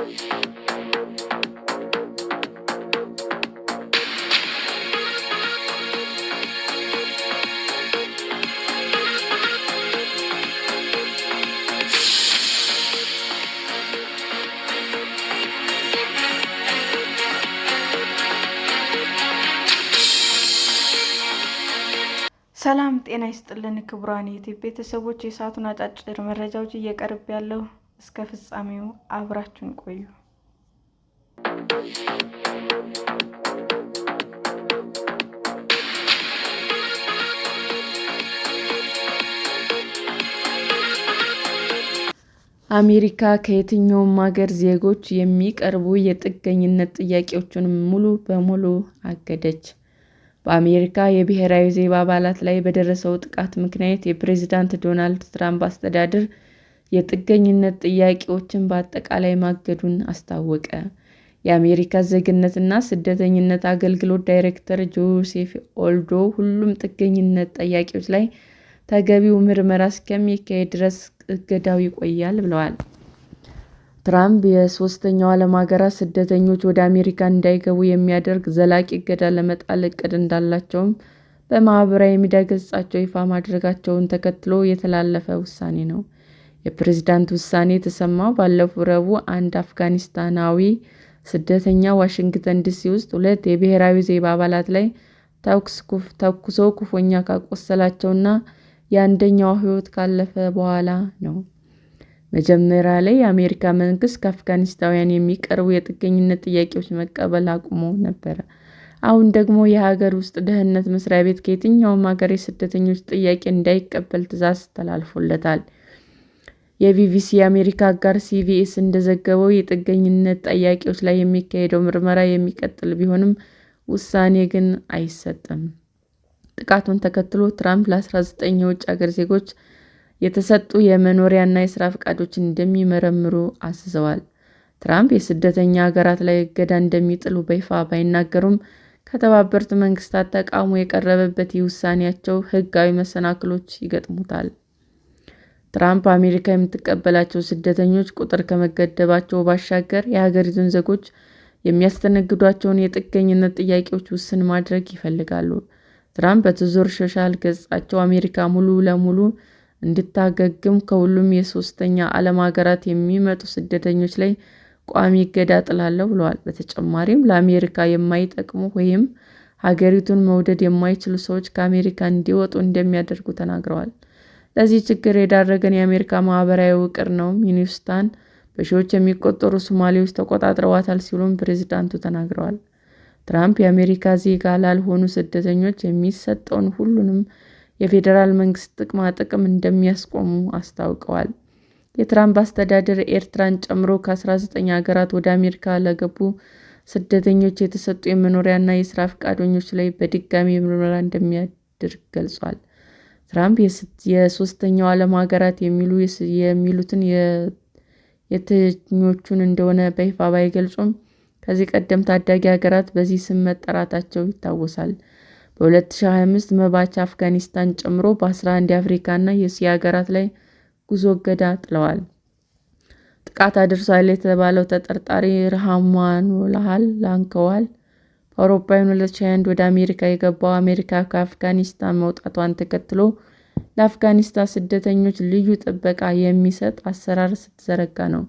ሰላም ጤና ይስጥልን ክቡራን የዩቲዩብ ቤተሰቦች፣ የሰዓቱን አጫጭር መረጃዎች እየቀርብ ያለው እስከ ፍጻሜው አብራችን ቆዩ። አሜሪካ ከየትኛውም አገር ዜጎች የሚቀርቡ የጥገኝነት ጥያቄዎችን ሙሉ በሙሉ አገደች። በአሜሪካ የብሔራዊ ዘብ አባላት ላይ በደረሰው ጥቃት ምክንያት የፕሬዝዳንት ዶናልድ ትራምፕ አስተዳደር የጥገኝነት ጥያቄዎችን በአጠቃላይ ማገዱን አስታወቀ። የአሜሪካ ዜግነትና ስደተኝነት አገልግሎት ዳይሬክተር ጆሴፍ ኦልዶ ሁሉም ጥገኝነት ጠያቂዎች ላይ ተገቢው ምርመራ እስከሚካሄድ ድረስ እገዳው ይቆያል ብለዋል። ትራምፕ የሶስተኛው ዓለም ሀገራት ስደተኞች ወደ አሜሪካ እንዳይገቡ የሚያደርግ ዘላቂ እገዳ ለመጣል እቅድ እንዳላቸውም በማኅበራዊ ሚዲያ ገጻቸው ይፋ ማድረጋቸውን ተከትሎ የተላለፈ ውሳኔ ነው። የፕሬዝዳንት ውሳኔ የተሰማው ባለፈው ረቡዕ አንድ አፍጋኒስታናዊ ስደተኛ ዋሽንግተን ዲሲ ውስጥ ሁለት የብሔራዊ ዘብ አባላት ላይ ተኩሶ ክፉኛ ካቆሰላቸውና የአንደኛው ሕይወት ካለፈ በኋላ ነው። መጀመሪያ ላይ የአሜሪካ መንግስት ከአፍጋኒስታውያን የሚቀርቡ የጥገኝነት ጥያቄዎች መቀበል አቁሞ ነበር። አሁን ደግሞ የሀገር ውስጥ ደህንነት መስሪያ ቤት ከየትኛውም ሀገር የስደተኞች ጥያቄ እንዳይቀበል ትዕዛዝ ተላልፎለታል። የቢቢሲ የአሜሪካ አጋር ሲቢኤስ እንደዘገበው የጥገኝነት ጠያቂዎች ላይ የሚካሄደው ምርመራ የሚቀጥል ቢሆንም ውሳኔ ግን አይሰጥም። ጥቃቱን ተከትሎ ትራምፕ ለ19 የውጭ ሀገር ዜጎች የተሰጡ የመኖሪያና የስራ ፈቃዶችን እንደሚመረምሩ አስዘዋል። ትራምፕ የስደተኛ አገራት ላይ እገዳ እንደሚጥሉ በይፋ ባይናገሩም ከተባበሩት መንግስታት ተቃውሞ የቀረበበት ይህ ውሳኔያቸው ህጋዊ መሰናክሎች ይገጥሙታል። ትራምፕ አሜሪካ የምትቀበላቸው ስደተኞች ቁጥር ከመገደባቸው ባሻገር የሀገሪቱን ዜጎች የሚያስተነግዷቸውን የጥገኝነት ጥያቄዎች ውስን ማድረግ ይፈልጋሉ። ትራምፕ በትዞር ሶሻል ገጻቸው አሜሪካ ሙሉ ለሙሉ እንድታገግም ከሁሉም የሶስተኛ ዓለም ሀገራት የሚመጡ ስደተኞች ላይ ቋሚ እገዳ ጥላለሁ ብለዋል። በተጨማሪም ለአሜሪካ የማይጠቅሙ ወይም ሀገሪቱን መውደድ የማይችሉ ሰዎች ከአሜሪካ እንዲወጡ እንደሚያደርጉ ተናግረዋል። ለዚህ ችግር የዳረገን የአሜሪካ ማህበራዊ ውቅር ነው። ዩኒቨርሲቲዋን በሺዎች የሚቆጠሩ ሶማሌዎች ተቆጣጥረዋታል ሲሉም ፕሬዝዳንቱ ተናግረዋል። ትራምፕ የአሜሪካ ዜጋ ላልሆኑ ስደተኞች የሚሰጠውን ሁሉንም የፌዴራል መንግስት ጥቅማ ጥቅም እንደሚያስቆሙ አስታውቀዋል። የትራምፕ አስተዳደር ኤርትራን ጨምሮ ከ19 ሀገራት ወደ አሜሪካ ለገቡ ስደተኞች የተሰጡ የመኖሪያና የሥራ ፈቃደኞች ላይ በድጋሚ ምርመራ እንደሚያደርግ ገልጿል። ትራምፕ የሶስተኛው ዓለም ሀገራት የሚሉ የሚሉትን የትኞቹን እንደሆነ በይፋ ባይገልጹም ከዚህ ቀደም ታዳጊ ሀገራት በዚህ ስም መጠራታቸው ይታወሳል። በ2025 መባቻ አፍጋኒስታን ጨምሮ በ11 የአፍሪካና የእስያ ሀገራት ላይ ጉዞ እገዳ ጥለዋል። ጥቃት አድርሷል የተባለው ተጠርጣሪ ራህማኑላህ ላንከዋል አውሮፓውያን 2021 ወደ አሜሪካ የገባው አሜሪካ ከአፍጋኒስታን መውጣቷን ተከትሎ ለአፍጋኒስታን ስደተኞች ልዩ ጥበቃ የሚሰጥ አሰራር ስትዘረጋ ነው።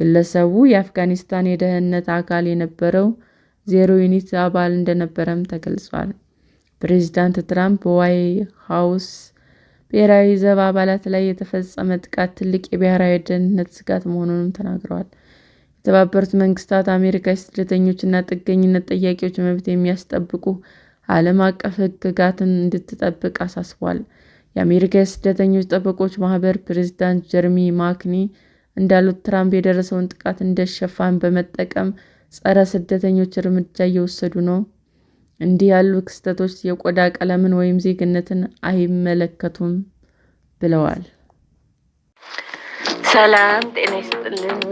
ግለሰቡ የአፍጋኒስታን የደህንነት አካል የነበረው ዜሮ ዩኒት አባል እንደነበረም ተገልጿል። ፕሬዚዳንት ትራምፕ በዋይ ሀውስ ብሔራዊ ዘብ አባላት ላይ የተፈጸመ ጥቃት ትልቅ የብሔራዊ ደህንነት ስጋት መሆኑንም ተናግረዋል። የተባበሩት መንግስታት አሜሪካ የስደተኞችና ጥገኝነት ጠያቂዎች መብት የሚያስጠብቁ ዓለም አቀፍ ሕግጋትን እንድትጠብቅ አሳስቧል። የአሜሪካ የስደተኞች ጠበቆች ማህበር ፕሬዝዳንት ጀርሚ ማክኒ እንዳሉት ትራምፕ የደረሰውን ጥቃት እንደ ሽፋን በመጠቀም ጸረ ስደተኞች እርምጃ እየወሰዱ ነው። እንዲህ ያሉ ክስተቶች የቆዳ ቀለምን ወይም ዜግነትን አይመለከቱም ብለዋል። ሰላም ጤና ይስጥልን።